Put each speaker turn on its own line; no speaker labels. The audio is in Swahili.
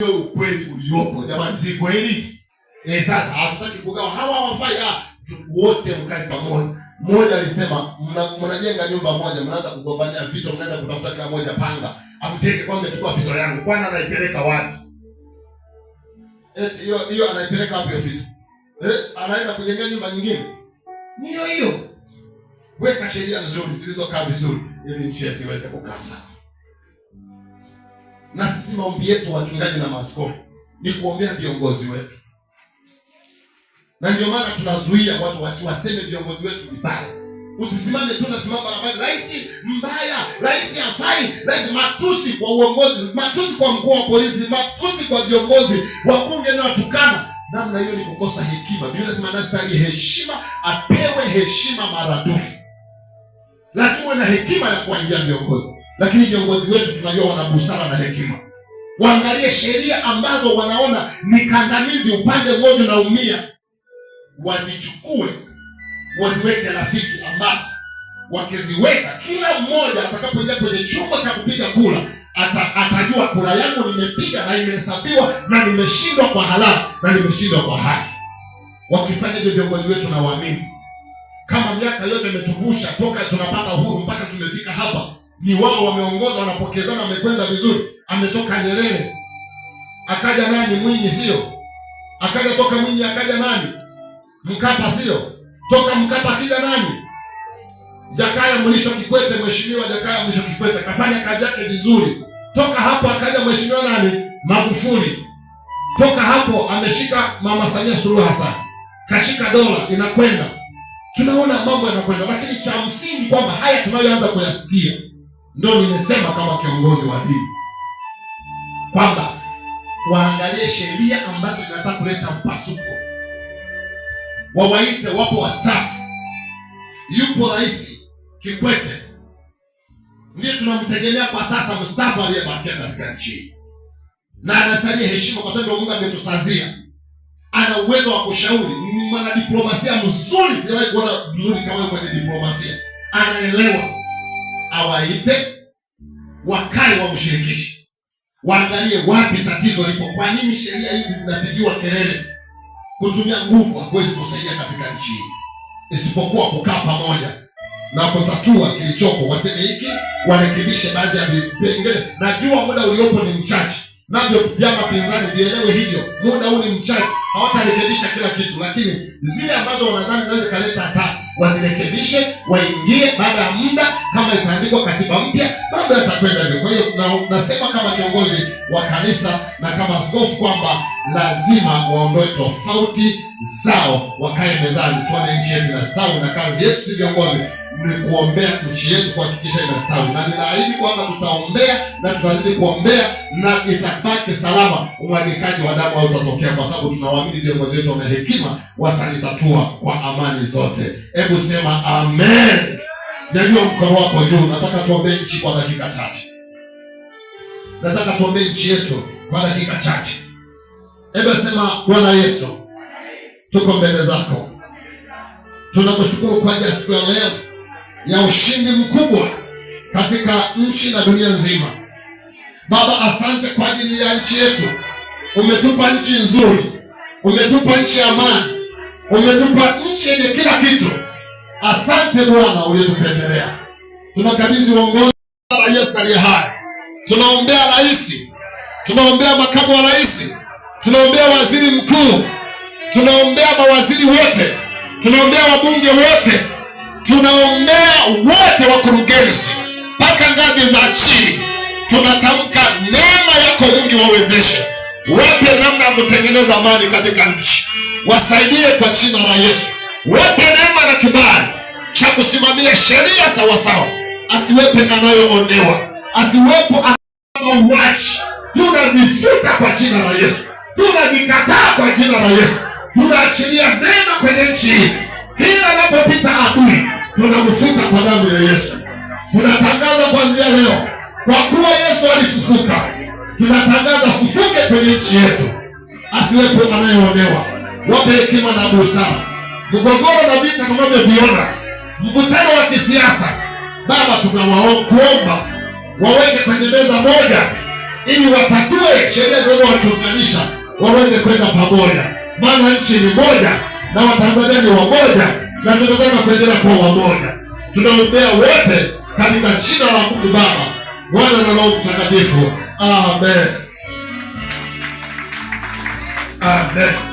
Ndio ukweli uliopo, jamani, si kweli? Eh, sasa hatutaki kugawa, hawa hawafai. Ah, wote mkae pamoja. Mmoja alisema mnajenga nyumba moja, mnaanza kugombania vito, mnaenda kutafuta kila moja panga, amfike kwa amechukua vito yangu, kwani anaipeleka wapi? Eti eh, hiyo hiyo anaipeleka wapi hiyo vito? Eh, anaenda kujenga nyumba nyingine. Ndio hiyo. Weka sheria nzuri zilizokaa vizuri ili nchi yetu iweze kukaa sawa na sisi maombi yetu wachungaji na maaskofu ni kuombea viongozi wetu, na ndio maana tunazuia watu wasiwaseme viongozi wetu vibaya. Usisimame tu nasimama barabara, rais mbaya, rais hafai, rais. Matusi kwa uongozi, matusi kwa mkuu wa polisi, matusi kwa viongozi, wakunge na watukana. Namna hiyo ni kukosa hekima. Biblia inasema anastahili heshima, apewe heshima maradufu. Lazima uwe na hekima ya kuwaingia viongozi lakini viongozi wetu tunajua wana busara na hekima. Waangalie sheria ambazo wanaona ni kandamizi, upande mmoja unaumia, wazichukue waziweke rafiki, ambazo wakiziweka, kila mmoja atakapoingia kwenye chumba cha kupiga kura ata, atajua kura yangu nimepiga na imehesabiwa na nimeshindwa kwa halali na nimeshindwa kwa haki. Wakifanya hivyo viongozi wetu na waamini, kama miaka yote imetuvusha toka tunapata uhuru mpaka tumefika hapa ni wao wameongoza, wanapokezana, wamekwenda vizuri, ametoka Nyerere akaja nani? Mwinyi sio? Akaja toka Mwinyi akaja nani? Mkapa sio? Toka Mkapa akija nani? Jakaya Mlisho Kikwete, mheshimiwa Jakaya Mlisho Kikwete kafanya kazi yake vizuri. Toka hapo akaja mheshimiwa nani? Magufuli. Toka hapo ameshika mama Samia Suluhu Hassan, kashika dola inakwenda, tunaona mambo yanakwenda, lakini cha msingi kwamba haya tunayoanza kuyasikia ndio nimesema kama kiongozi wa dini kwamba waangalie sheria ambazo zinataka kuleta mpasuko, wawaite, wapo wastaafu. Yupo Rais Kikwete ndiye tunamtegemea kwa sasa, mstaafu aliyebakia katika nchi, na anastahili heshima kwa sababu Mungu ametusazia, ana uwezo wa kushauri, mwanadiplomasia mzuri, sijawahi kuona mzuri kama kwenye diplomasia, anaelewa awaite wakae, wamshirikishe, waangalie wapi tatizo lipo. Kwa nini sheria hizi zinapigiwa kelele? Kutumia nguvu hakuwezi kusaidia katika nchi hii, isipokuwa kukaa pamoja na kutatua kilichopo. Waseme hiki, warekebishe baadhi ya vipengele. Najua muda uliopo ni mchache, navyo vyama pinzani vielewe hivyo. Muda huu ni mchache, hawatarekebisha kila kitu, lakini zile ambazo wanadhani zinaweza kaleta hatari wazirekebishe, waingie baada ya muda, kama itaandikwa katiba mpya, mambo yatakwenda hivyo. Kwa hiyo nasema kama kiongozi wa kanisa na kama askofu kwamba lazima waondoe tofauti zao, wakae mezani, tuone nchi yetu na stawi na kazi yetu si viongozi ni kuombea nchi yetu kuhakikisha inastawi, na ninaahidi kwamba tutaombea na tutazidi kuombea na itabaki salama. Umwagikaji wa damu hautatokea kwa sababu tunawaamini viongozi wetu wana hekima, watalitatua kwa amani zote. Hebu sema amen. Najua mkono wako juu. Nataka tuombee nchi kwa dakika chache, nataka tuombee nchi yetu kwa dakika chache. Hebu sema Bwana Yesu, tuko mbele zako, tunakushukuru kwa ajili ya siku ya leo ya ushindi mkubwa katika nchi na dunia nzima. Baba, asante kwa ajili ya nchi yetu. Umetupa nchi nzuri, umetupa nchi ya amani, umetupa nchi yenye kila kitu. Asante Bwana uliyetupendelea. Tunakabidhi uongozi Yesu aliye hai, tunaombea rais, tunaombea makamu wa rais, tunaombea waziri mkuu, tunaombea mawaziri wote, tunaombea wabunge wote tunaombea wote wakurugenzi mpaka ngazi za chini. Tunatamka neema yako Mungu wawezeshe, wape namna ya kutengeneza amani katika nchi, wasaidie kwa jina la Yesu, wape neema na kibali cha kusimamia sheria sawasawa, asiwepe anayoonewa, asiwepo anauaji. Tunazifuta kwa jina la Yesu, tunazikataa kwa jina la Yesu, tunaachilia neema kwenye nchi hii, kila anapopita adui tunamfuta kwa damu ya Yesu. Tunatangaza kuanzia leo, kwa kuwa Yesu alifufuka, tunatangaza fufuke kwenye nchi yetu, asiwepo anayeonewa. Wape hekima na busara. Mgogoro na vita tunavyoviona, mvutano wa kisiasa, Baba, tunawakuomba waweke kwenye meza moja, ili watatue sheria zinazowatunganisha waweze kwenda pamoja, maana nchi ni moja na Watanzania ni wamoja na tunakwenda kuendelea kuwa wamoja. Tunaombea wote katika jina la Mungu Baba, Mwana na Roho Mtakatifu. Amen, amen.